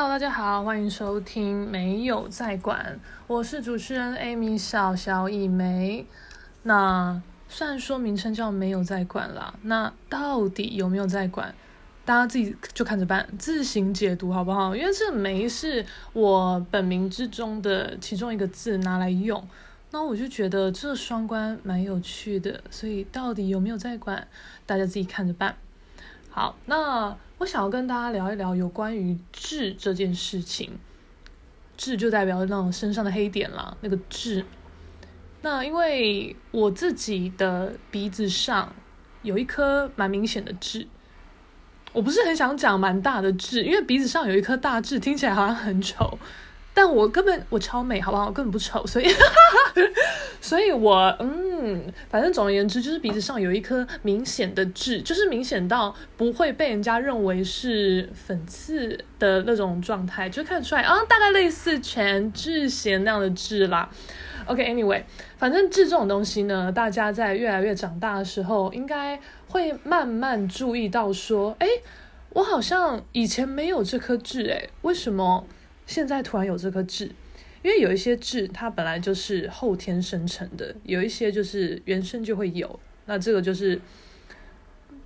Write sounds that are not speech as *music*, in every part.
Hello，大家好，歡迎收聽沒有在管，我是主持人 Amy 蕭，蕭逸玫。那雖然說名稱叫沒有在管啦，那到底有沒有在管，大家自己就看着辦，自行解讀好不好？因為這玫是我本名之中的其中一個字拿來用，那我就覺得這雙關蠻有趣的，所以到底有沒有在管，大家自己看着辦。好，那我想要跟大家聊一聊有關於痣這件事情。痣就代表那種身上的黑點啦，那個痣。那因為我自己的鼻子上有一顆蠻明顯的痣，我不是很想講蠻大的痣，因為鼻子上有一顆大痣聽起來好像很醜，但我根本，我超美好不好？我根本不醜，所以， *laughs* 所以我嗯。嗯，反正總而言之，就是鼻子上有一顆明顯的痣，就是明顯到不會被人家認為是粉刺的那種狀態，就看出來啊、哦，大概類似全智賢那樣的痣啦。OK，Anyway，、okay, 反正痣這種東西呢，大家在越來越長大的時候，應該會慢慢注意到說，哎、欸，我好像以前沒有這顆痣、欸，誒，為什麼現在突然有這顆痣？因為有一些痣，它本來就是後天生成的；有一些就是原生就會有。那這個就是，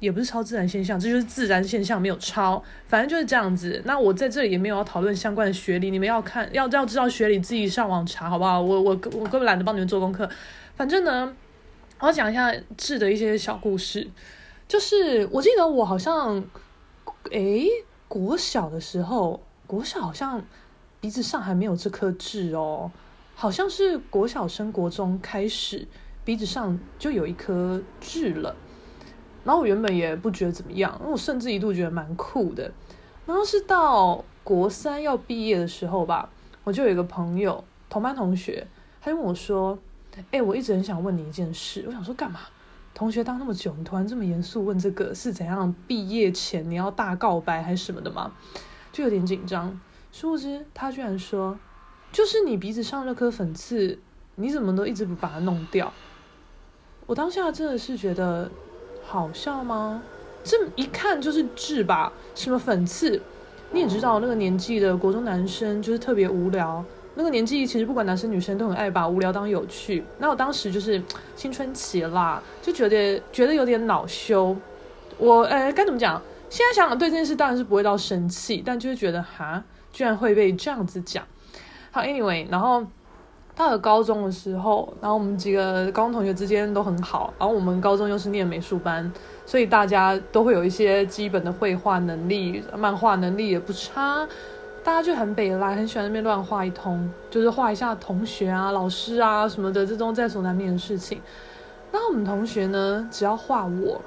也不是超自然現象，這就是自然現象，沒有超。反正就是這樣子。那我在這裡也沒有要討論相關的學理，你們要看要要知道學理，自己上網查好不好？我我我根本懶得幫你們做功課。反正呢，我要講一下痣的一些小故事。就是我記得我好像，哎，國小的時候，國小好像。鼻子上還沒有這顆痣哦，好像是國小升國中開始，鼻子上就有一顆痣了。然後我原本也不覺得怎麼樣，因為我甚至一度覺得蠻酷的。然後是到國三要畢業的時候吧，我就有一個朋友，同班同學，他就問我說：“誒、欸、我一直很想問你一件事，我想說幹嘛？同學當那麼久，你突然這麼嚴肅問這個，是怎樣？畢業前你要大告白還是什麼的嗎？”就有點緊張。殊不知，他居然說：“就是你鼻子上那顆粉刺，你怎麼都一直不把它弄掉？”我當下真的是覺得好笑嗎？這麼一看就是痣吧，什麼粉刺？你也知道，那個年紀的國中男生就是特別無聊。那個年紀其實不管男生女生都很愛把無聊當有趣。那我當時就是青春期啦，就覺得覺得有點惱羞。我誒，該怎麼講？現在想想，對這件事當然是不會到生氣，但就是覺得哈。居然會被這樣子講，好，Anyway，然後到了高中的時候，然後我們幾個高中同學之間都很好，然後我們高中又是念美術班，所以大家都會有一些基本的繪畫能力，漫畫能力也不差，大家就很北來，很喜歡在那邊亂畫一通，就是畫一下同學啊、老師啊什麼的，這種在所難免的事情。那我們同學呢，只要畫我，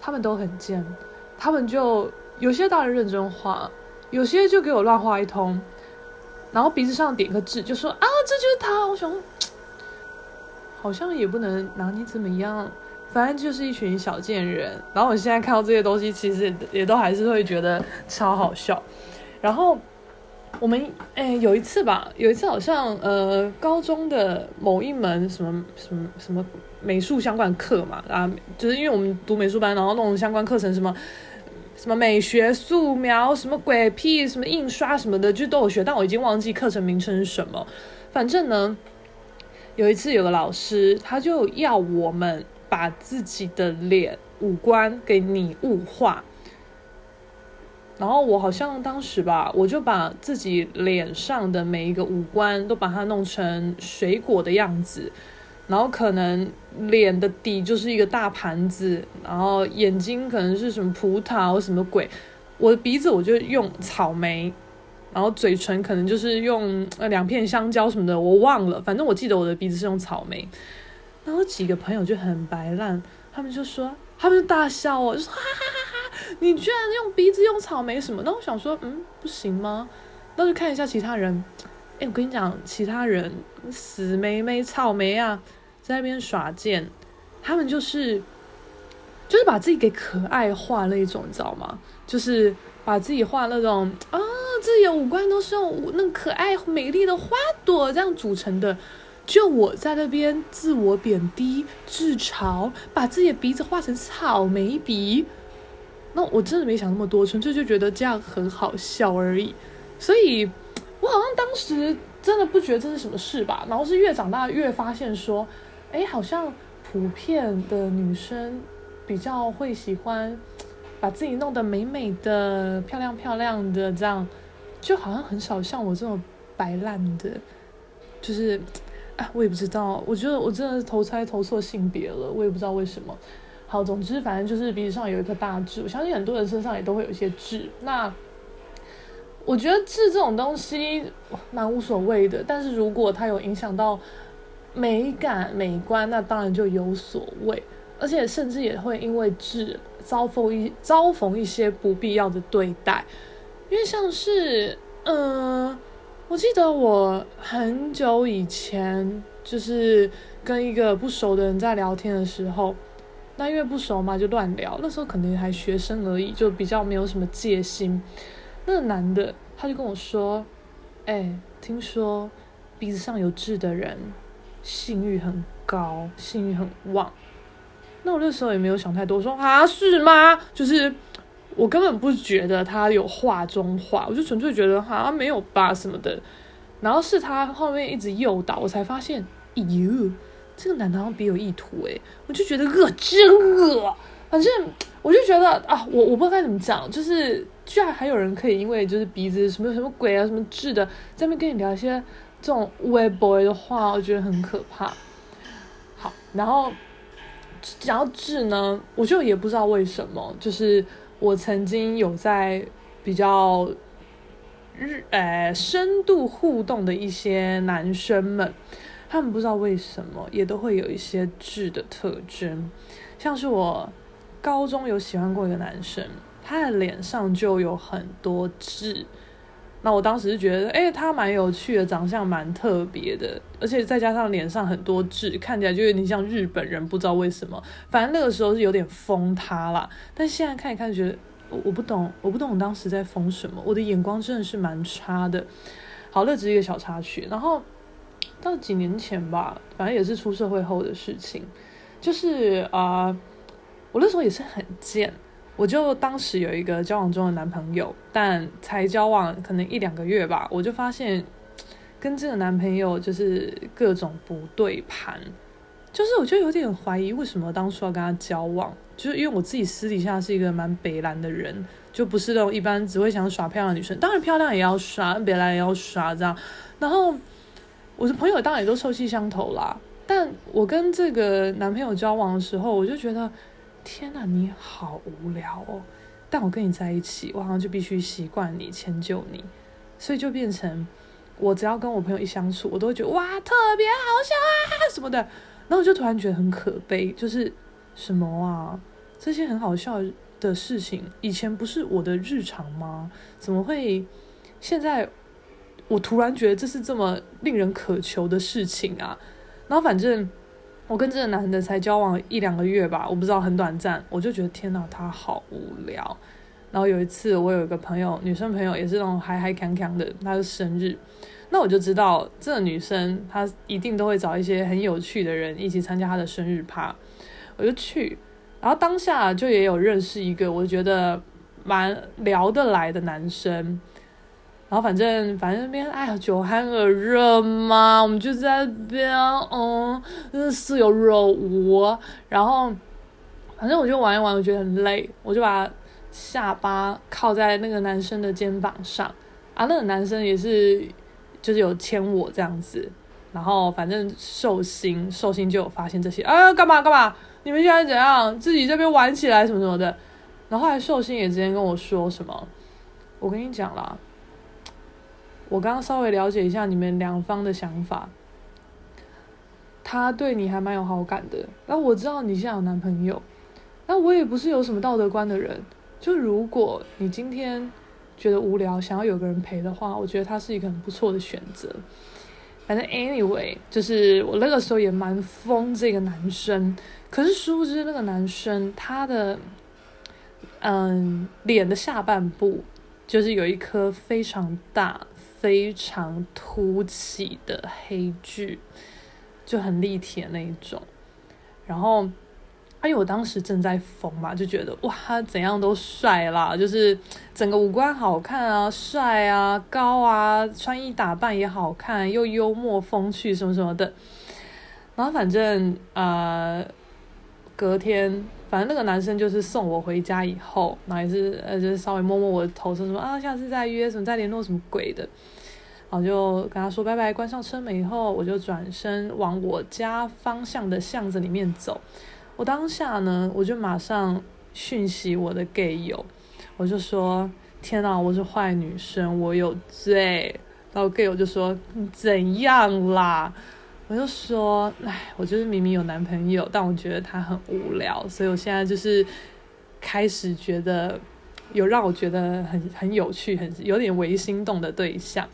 他們都很賤，他們就有些大人認真畫。有些就給我亂畫一通，然後鼻子上點個痣，就說啊，這就是他。我想，好像也不能拿你怎麼樣，反正就是一群小賤人。然後我現在看到這些東西，其實也都還是會覺得超好笑。然後我們誒有一次吧，有一次好像呃高中的某一門什麼什麼什麼美術相關課嘛，啊就是因為我們讀美術班，然後那種相關課程什麼。什麼美學素描，什麼鬼屁，什麼印刷什麼的，就都有學，但我已經忘記課程名稱是什麼。反正呢，有一次有個老師，他就要我們把自己的臉五官給擬物化，然後我好像當時吧，我就把自己臉上的每一個五官都把它弄成水果的樣子。然後可能臉的底就是一個大盤子，然後眼睛可能是什麼葡萄什麼鬼，我的鼻子我就用草莓，然後嘴唇可能就是用兩片香蕉什麼的，我忘了，反正我記得我的鼻子是用草莓。然後幾個朋友就很白爛，他們就說，他們就大笑我，就說哈哈哈哈哈，你居然用鼻子用草莓什麼？那我想說，嗯，不行嗎？那就看一下其他人。哎、欸，我跟你講，其他人死妹妹草莓啊，在那邊耍賤，他們就是就是把自己給可愛化那種，你知道嗎？就是把自己畫那種啊、哦，自己的五官都是用那個、可愛美麗的花朵這樣組成的。就我在那邊自我貶低自嘲，把自己的鼻子畫成草莓鼻。那我真的沒想那麼多，純粹就覺得這樣很好笑而已，所以。我好像當時真的不覺得這是什麼事吧，然後是越長大越發現說，哎，好像普遍的女生比較會喜歡把自己弄得美美的、漂亮漂亮的，這樣就好像很少像我這種白爛的，就是啊，我也不知道，我覺得我真的是投胎投錯性別了，我也不知道為什麼。好，總之反正就是鼻子上有一顆大痣，我相信很多人身上也都會有一些痣。那。我覺得痣這種東西蠻無所謂的，但是如果它有影響到美感、美觀，那當然就有所謂，而且甚至也會因為痣遭逢一遭逢一些不必要的對待，因為像是，嗯、呃，我記得我很久以前就是跟一個不熟的人在聊天的時候，那因為不熟嘛，就亂聊，那時候肯定還學生而已，就比較沒有什麼戒心。那個男的他就跟我說：“哎、欸，聽說鼻子上有痣的人性慾很高，性慾很旺。”那我那時候也沒有想太多，說啊是嗎？就是我根本不覺得他有話中話，我就純粹覺得像、啊啊、沒有吧什麼的。然後是他後面一直誘導我，才發現喲、哎，這個男的好像別有意圖哎、欸，我就覺得惡真惡，反正我就覺得啊，我我不知道該怎麼講，就是。居然還有人可以因為就是鼻子什麼什麼鬼啊什麼痣的，在那邊跟你聊一些這種歪 boy 的話，我覺得很可怕。好，然後講到痣呢，我就也不知道為什麼，就是我曾經有在比較日、欸、深度互動的一些男生們，他們不知道為什麼也都會有一些痣的特徵，像是我高中有喜歡過一個男生。他的臉上就有很多痣，那我當時就覺得，哎、欸，他蠻有趣的，長相蠻特別的，而且再加上臉上很多痣，看起來就有點像日本人，不知道為什麼。反正那個時候是有點瘋他啦，但現在看一看就覺得我，我不懂，我不懂我當時在瘋什麼，我的眼光真的是蠻差的。好，那只是一個小插曲。然後到幾年前吧，反正也是出社會後的事情，就是啊、呃，我那時候也是很賤。我就當時有一個交往中的男朋友，但才交往可能一兩個月吧，我就發現跟這個男朋友就是各種不對盤，就是我就有點懷疑為什麼當初要跟他交往，就是因為我自己私底下是一個蠻北爛的人，就不是那種一般只會想耍漂亮的女生，當然漂亮也要耍，北爛也要耍這樣。然後我的朋友當然也都臭味相投啦，但我跟這個男朋友交往的時候，我就覺得。天吶，你好無聊哦！但我跟你在一起，我好像就必須習慣你，遷就你，所以就變成我只要跟我朋友一相處，我都會覺得哇，特別好笑啊什麼的。然後我就突然覺得很可悲，就是什麼啊，這些很好笑的事情，以前不是我的日常嗎？怎麼會現在我突然覺得這是這麼令人渴求的事情啊？然後反正。我跟這個男的才交往一兩個月吧，我不知道，很短暫，我就覺得天吶、啊，他好無聊。然後有一次，我有一個朋友，女生朋友也是那種嗨嗨康康的，她的生日，那我就知道這個女生她一定都會找一些很有趣的人一起參加她的生日趴，我就去，然後當下就也有認識一個我覺得蠻聊得來的男生。然後反正反正那邊哎呀，酒酣耳熱嘛，我們就在那邊，嗯，是有熱舞、啊，然後，反正我就玩一玩，我覺得很累，我就把下巴靠在那個男生的肩膀上，啊，那個男生也是就是有牽我這樣子，然後反正壽星壽星就有發現這些，啊、哎，幹嘛幹嘛？你們現在怎樣？自己這邊玩起來什麼什麼的，然後,後來壽星也直接跟我說什麼，我跟你講啦。我剛剛稍微了解一下你們兩方的想法，他對你還蠻有好感的。那我知道你現在有男朋友，那我也不是有什麼道德觀的人。就如果你今天覺得無聊，想要有個人陪的話，我覺得他是一個很不錯的選擇。反正 anyway，就是我那個時候也蠻瘋這個男生。可是殊不知那個男生他的嗯臉的下半部就是有一顆非常大。非常凸起的黑痣，就很立體那一種。然後，哎呦，我當時正在瘋嘛，就覺得哇，怎樣都帥啦，就是整個五官好看啊，帥啊，高啊，穿衣打扮也好看，又幽默風趣什麼什麼的。然後反正呃，隔天。反正那個男生就是送我回家以後，然後也是呃，就是稍微摸摸我的頭，說什麼啊，下次再約什麼，再聯絡什麼鬼的。然後就跟他說拜拜，關上車門以後，我就轉身往我家方向的巷子裡面走。我當下呢，我就馬上訊息我的 gay 友，我就說：天啊，我是壞女生，我有罪。然後 gay 友就說：你怎樣啦？我就說，唉，我就是明明有男朋友，但我覺得他很無聊，所以我現在就是開始覺得有讓我覺得很很有趣、很有點微心動的對象。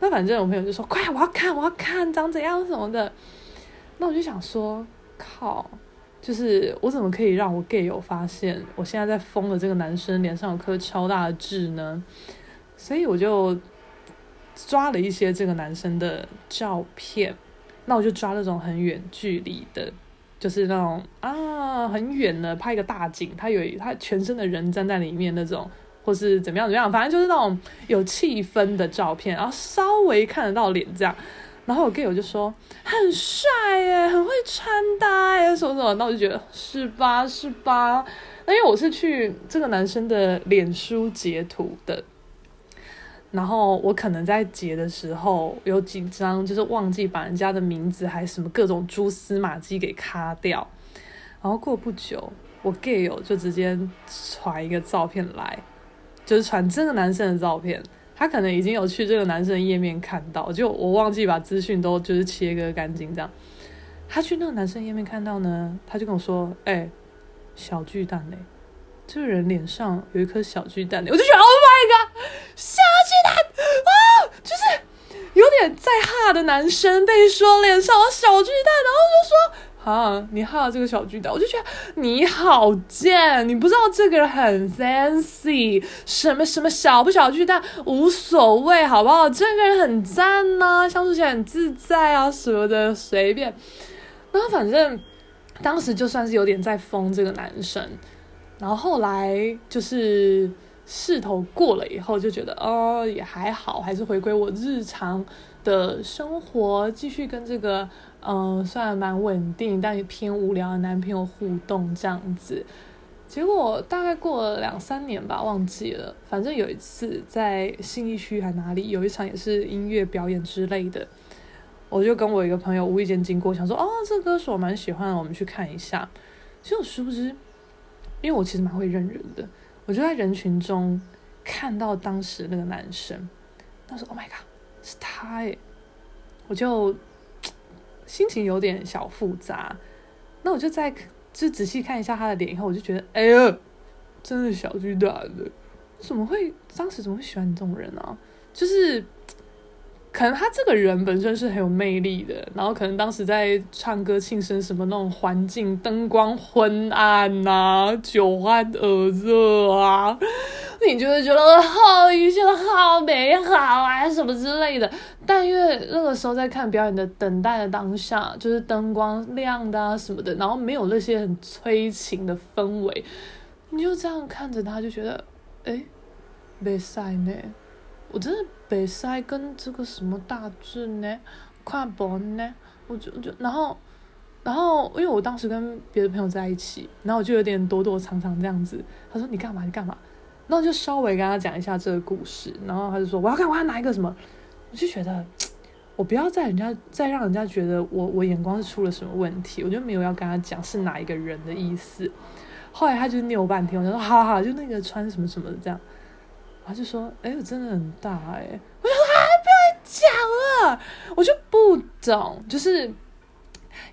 那反正我朋友就說：“快，我要看，我要看長怎樣什麼的。”那我就想說：“靠，就是我怎麼可以讓我 gay 友發現我現在在瘋的這個男生臉上有顆超大的痣呢？”所以我就抓了一些這個男生的照片。那我就抓那種很遠距離的，就是那種啊很遠的拍一個大景，他有他全身的人站在裡面那種，或是怎麼樣怎麼樣，反正就是那種有氣氛的照片，然後稍微看得到臉這樣。然後我 gay 我就說很帥誒，很會穿搭誒，說什麼什麼。那我就覺得是吧是吧，那因為我是去這個男生的臉書截圖的。然後我可能在截的時候有幾張，就是忘記把人家的名字還什麼各種蛛絲馬跡給卡掉。然後過不久，我 gay 友就直接傳一個照片來，就是傳這個男生的照片。他可能已經有去這個男生的頁面看到，就我忘記把資訊都就是切割乾淨這樣。他去那個男生頁面看到呢，他就跟我說：“欸，小巨蛋欸，這個人臉上有一顆小巨蛋欸。”我就覺得 “Oh my god！” 嚇！巨蛋、啊、就是有點在哈的男生被說臉上有小巨蛋，然後就說啊，你哈的這個小巨蛋，我就覺得你好賤，你不知道這個人很 fancy，什麼什麼小不小巨蛋無所謂，好不好？這個人很讚呢、啊，相處起來很自在啊什麼的，隨便。那反正當時就算是有點在瘋這個男生，然後後來就是。勢頭過了以後就覺得哦，也還好，還是回歸我日常的生活，繼續跟這個嗯、呃、算蠻穩定但也偏無聊的男朋友互動這樣子。結果大概過了兩三年吧，忘記了。反正有一次在信義區還哪裡有一場也是音樂表演之類的，我就跟我一個朋友無意間經過，想說哦，這歌手我蠻喜歡的，我們去看一下。其實我殊不知，因為我其實蠻會認人的。我就在人群中看到當時那個男生，那時 Oh my God，是他耶！我就心情有點小複雜。那我就再就仔細看一下他的臉以後，我就覺得，哎呀，真的小巨大的，怎麼會，當時怎麼會喜歡這種人呢、啊？就是。可能他這個人本身是很有魅力的，然後可能當時在唱歌慶生什麼那種環境，燈光昏暗吶、啊，酒酣耳熱啊，你就會覺得好，一切都好美好啊什麼之類的。但因為那個時候在看表演的等待的當下，就是燈光亮的啊什麼的，然後沒有那些很催情的氛圍，你就這樣看着他，就覺得哎，沒塞呢，我真的。北塞跟這個什麼大痣呢、跨博呢？我就我就然後，然後因為我當時跟別的朋友在一起，然後我就有點躲躲藏藏，這樣子。他說，你幹嘛你幹嘛？然後我就稍微跟他講一下這個故事，然後他就說，我要看我要哪一個什麼。我就覺得我不要再人家再讓人家覺得我我眼光是出了什麼問題。我就沒有要跟他講是哪一個人的意思。後來他就扭半天，我就說好好，好就那個穿什麼什麼的這樣。他就說：“哎，我真的很大欸！”我就說：“啊，不要講了，我就不懂。”就是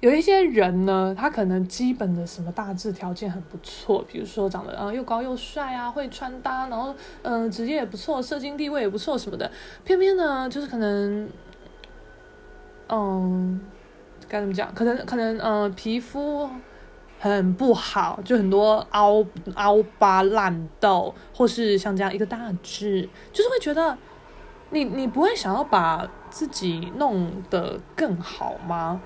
有一些人呢，他可能基本的什麼大致條件很不錯，比如說長得啊又高又帥啊，會穿搭，然後嗯職業也不錯，社經地位也不錯什麼的。偏偏呢，就是可能嗯該怎麼講？可能可能嗯皮膚。很不好，就很多凹凹疤爛痘，或是像這樣一個大痣，就是會覺得，你你不會想要把自己弄得更好嗎？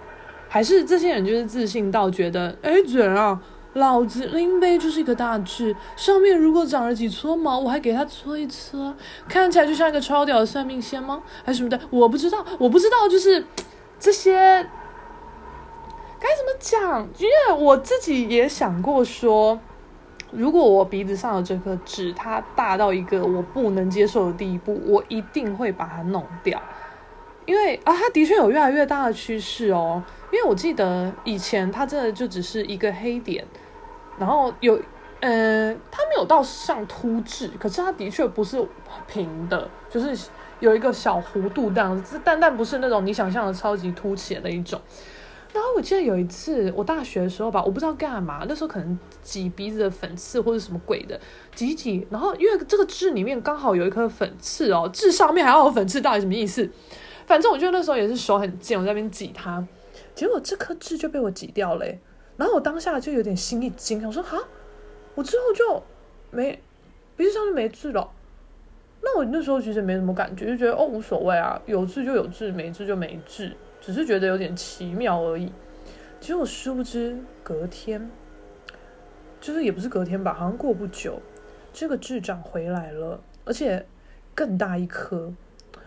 還是這些人就是自信到覺得，哎，主人啊，老子拎杯就是一個大痣，上面如果長了幾撮毛，我還給他搓一搓，看起來就像一個超屌的算命仙嗎？還是什麼的？我不知道，我不知道，就是這些。這樣，因為我自己也想過說，如果我鼻子上的這顆痣它大到一個我不能接受的地步，我一定會把它弄掉。因為啊，它的確有越來越大的趨勢哦。因為我記得以前它真的就只是一個黑點，然後有嗯、呃，它沒有到上凸痣，可是它的確不是平的，就是有一個小弧度這樣子，但但不是那種你想象的超級凸起的一種。然後我記得有一次我大學的時候吧，我不知道幹嘛，那時候可能擠鼻子的粉刺或者什麼鬼的擠一擠，然後因為這個痣裡面剛好有一顆粉刺哦，痣上面還有粉刺，到底什麼意思？反正我覺得那時候也是手很賤，我在那邊擠它，結果這顆痣就被我擠掉了。然後我當下就有點心一驚，我說哈，我之後就沒鼻子上就沒痣了。那我那時候其實沒什麼感覺，就覺得哦無所謂啊，有痣就有痣，沒痣就沒痣。只是覺得有點奇妙而已，其實我殊不知，隔天，就是也不是隔天吧，好像過不久，這個痣長回來了，而且更大一顆，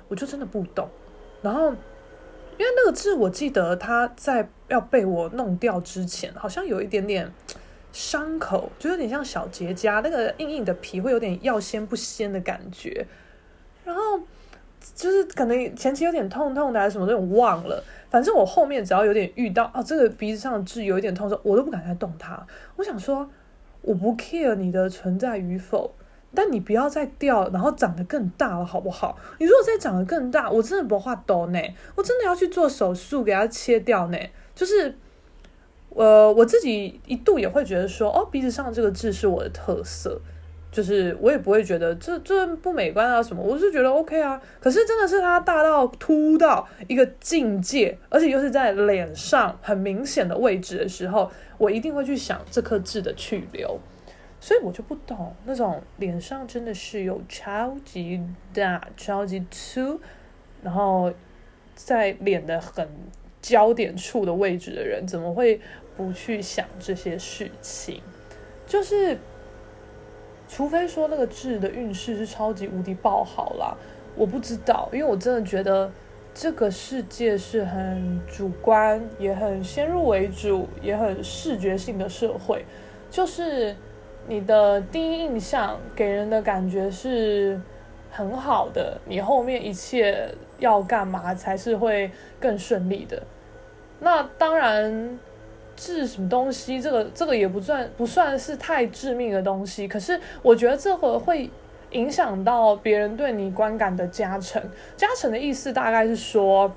我就真的不懂。然後，因為那個痣，我記得它在要被我弄掉之前，好像有一點點傷口，就有點像小結痂，那個硬硬的皮會有點要掀不掀的感覺，然後。就是可能前期有點痛痛的，還是什麼，有點忘了。反正我後面只要有點遇到啊、哦，這個鼻子上的痣有一點痛的時候，我都不敢再動它。我想說，我不 care 你的存在與否，但你不要再掉，然後長得更大了，好不好？你如果再長得更大，我真的不畫痘呢，我真的要去做手術給它切掉呢。就是，呃，我自己一度也會覺得說，哦，鼻子上這個痣是我的特色。就是我也不會覺得這這不美觀啊什麼，我是覺得 OK 啊。可是真的是它大到凸到一個境界，而且又是在臉上很明顯的位置的時候，我一定會去想這顆痣的去留。所以我就不懂那種臉上真的是有超級大、超級凸，然後在臉的很焦點處的位置的人，怎麼會不去想這些事情？就是。除非說那個痣的運勢是超級無敵爆好了，我不知道，因為我真的覺得這個世界是很主觀，也很先入為主，也很視覺性的社會，就是你的第一印象給人的感覺是很好的，你後面一切要幹嘛才是會更順利的。那當然。痣什麼東西，這個這個也不算不算是太致命的東西，可是我覺得這會會影響到別人對你觀感的加成。加成的意思大概是說，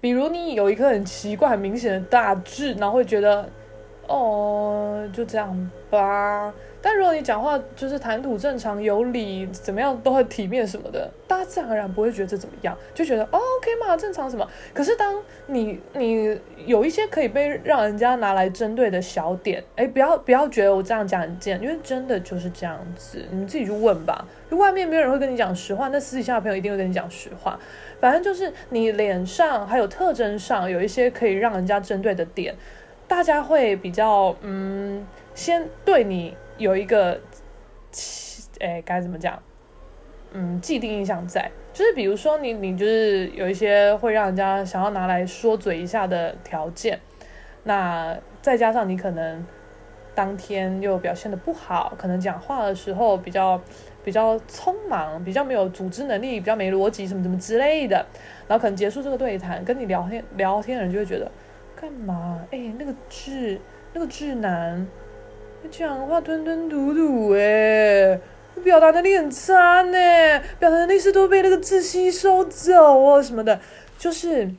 比如你有一個很奇怪、很明顯的大痣，然後會覺得。哦，oh, 就這樣吧。但如果你講話就是談吐正常、有理，怎麼樣都很體面什麼的，大家自然而然不會覺得這怎麼樣，就覺得、oh, OK 嘛，正常什麼。可是當你你有一些可以被讓人家拿來針對的小點，哎、欸，不要不要覺得我這樣講很賤，因為真的就是這樣子，你自己去問吧。就外面沒有人會跟你講實話，那私底下的朋友一定會跟你講實話。反正就是你臉上還有特徵上有一些可以讓人家針對的點。大家會比較，嗯，先對你有一個，誒、欸，該怎麼講？嗯，既定印象在，就是比如說你，你就是有一些會讓人家想要拿來說嘴一下的條件，那再加上你可能當天又表現得不好，可能講話的時候比較比較匆忙，比較沒有組織能力，比較沒邏輯什麼什麼之類的，然後可能結束這個對談，跟你聊天聊天的人就會覺得。幹嘛？哎、欸，那個痣，那個痣男，你講話吞吞吐吐，哎，你表達能力很差呢、欸。表達能力是都被那個痣吸收走哦、喔。什麼的。就是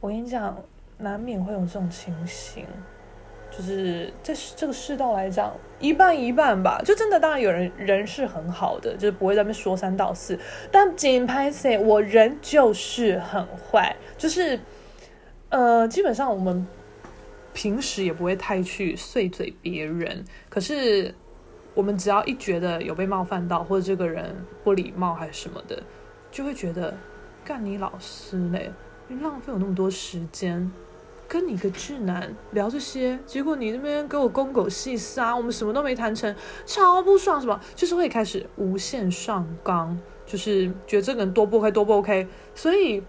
我跟你講，難免會有這種情形。就是在這個世道來講，一半一半吧。就真的，當然有人人是很好的，就是不會在那說三道四。但金拍謝，我人就是很壞，就是。呃，基本上我們平時也不會太去碎嘴別人，可是我們只要一覺得有被冒犯到，或者這個人不禮貌還是什麼的，就會覺得幹你老師嘞，浪費我那麼多時間，跟你個直男聊這些，結果你那邊給我公狗細撒，我們什麼都沒談成，超不爽，什麼就是會開始無限上綱，就是覺得這個人多不 OK，多不 OK，所以。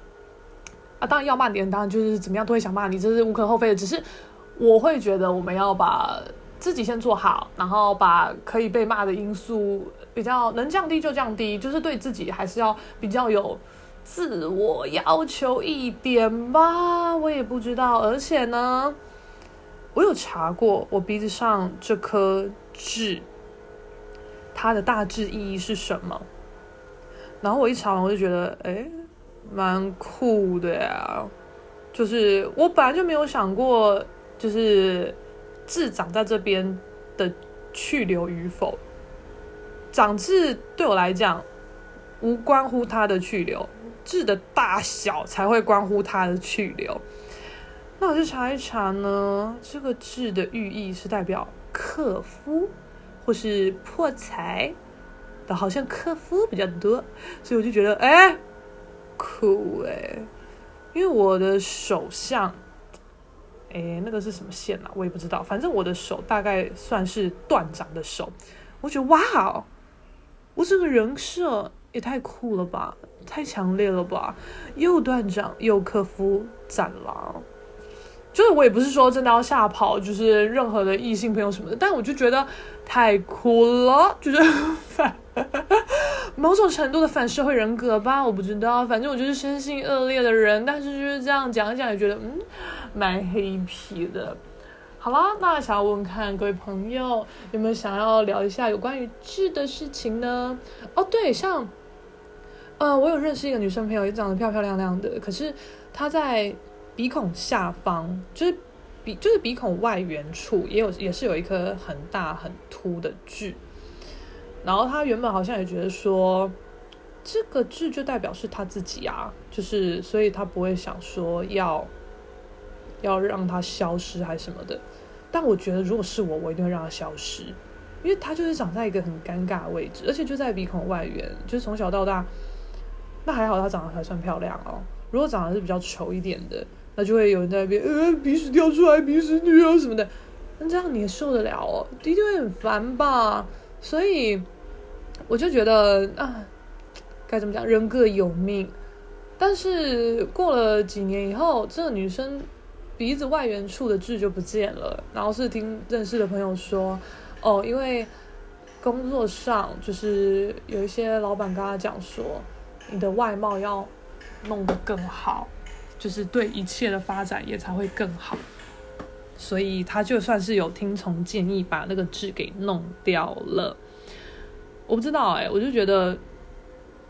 啊，當然要罵你，當然就是怎麼樣都會想罵你，這是無可厚非的。只是我會覺得我們要把自己先做好，然後把可以被罵的因素比較能降低就降低，就是對自己還是要比較有自我要求一點吧。我也不知道，而且呢，我有查過我鼻子上這顆痣，它的大致意義是什麼？然後我一查完，我就覺得，哎。蠻酷的呀，就是我本來就沒有想過，就是痣長在這邊的去留與否。長痣對我來講無關乎它的去留，痣的大小才會關乎它的去留。那我去查一查呢，這個痣的寓意是代表克夫或是破財的，好像克夫比較多，所以我就覺得哎、欸。酷誒、欸，因為我的手相哎，那個是什麼線啊？我也不知道。反正我的手大概算是斷掌的手。我覺得哇哦，我這個人設也太酷了吧，太強烈了吧，又斷掌又克夫斬狼。就是我也不是說真的要嚇跑，就是任何的異性朋友什麼的，但我就覺得太酷了，就是反某種程度的反社會人格吧，我不知道，反正我就是生性惡劣的人。但是就是這樣講一講，也覺得嗯，蠻黑皮的。好啦，那想要問看各位朋友有沒有想要聊一下有關於痣的事情呢？哦，對，像呃，我有認識一個女生朋友，也長得漂漂亮亮的，可是她在。鼻孔下方就是鼻，就是鼻孔外緣處也有，也是有一顆很大很凸的痣。然後他原本好像也覺得說，這個痣就代表是他自己啊，就是所以他不會想說要要讓它消失還是什麼的。但我覺得如果是我，我一定會讓它消失，因為它就是長在一個很尷尬的位置，而且就在鼻孔外緣，就是從小到大，那還好他長得還算漂亮哦。如果長得是比較醜一點的。那就會有人在那邊，呃，鼻屎掉出來，鼻屎女啊什麼的，那這樣你也受得了哦？的確會很煩吧。所以我就覺得啊，該怎麼講，人各有命。但是過了幾年以後，這個女生鼻子外緣處的痣就不見了。然後是聽認識的朋友說，哦，因為工作上就是有一些老闆跟她講說，你的外貌要弄得更好。就是對一切的發展也才會更好，所以他就算是有聽從建議把那個痣給弄掉了，我不知道哎、欸，我就覺得，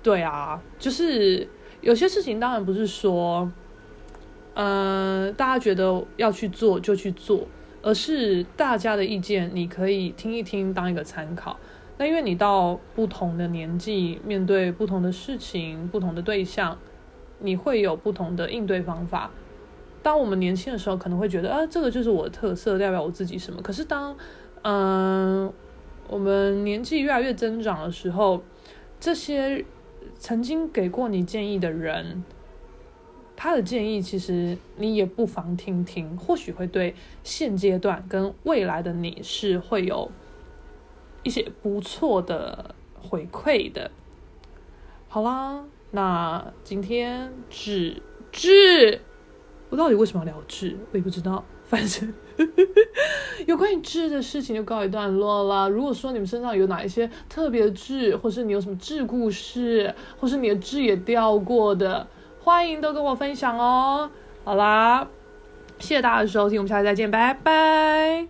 對啊，就是有些事情當然不是說，呃，大家覺得要去做就去做，而是大家的意見你可以聽一聽當一個參考。那因為你到不同的年紀，面對不同的事情，不同的對象。你會有不同的應對方法。當我們年輕的時候，可能會覺得啊，這個就是我的特色，代表我自己什麼。可是當，嗯、呃，我們年紀越來越增長的時候，這些曾經給過你建議的人，他的建議其實你也不妨聽聽，或許會對現階段跟未來的你是會有一些不錯的回饋的。好啦。那今天痣痣。我到底為什麼要聊痣？我也不知道。反正呵呵呵有關於痣的事情就告一段落啦。如果說你們身上有哪一些特別的痣，或是你有什麼痣故事，或是你的痣也掉過的，歡迎都跟我分享哦。好啦，謝謝大家的收聽，我們下次再見，拜拜。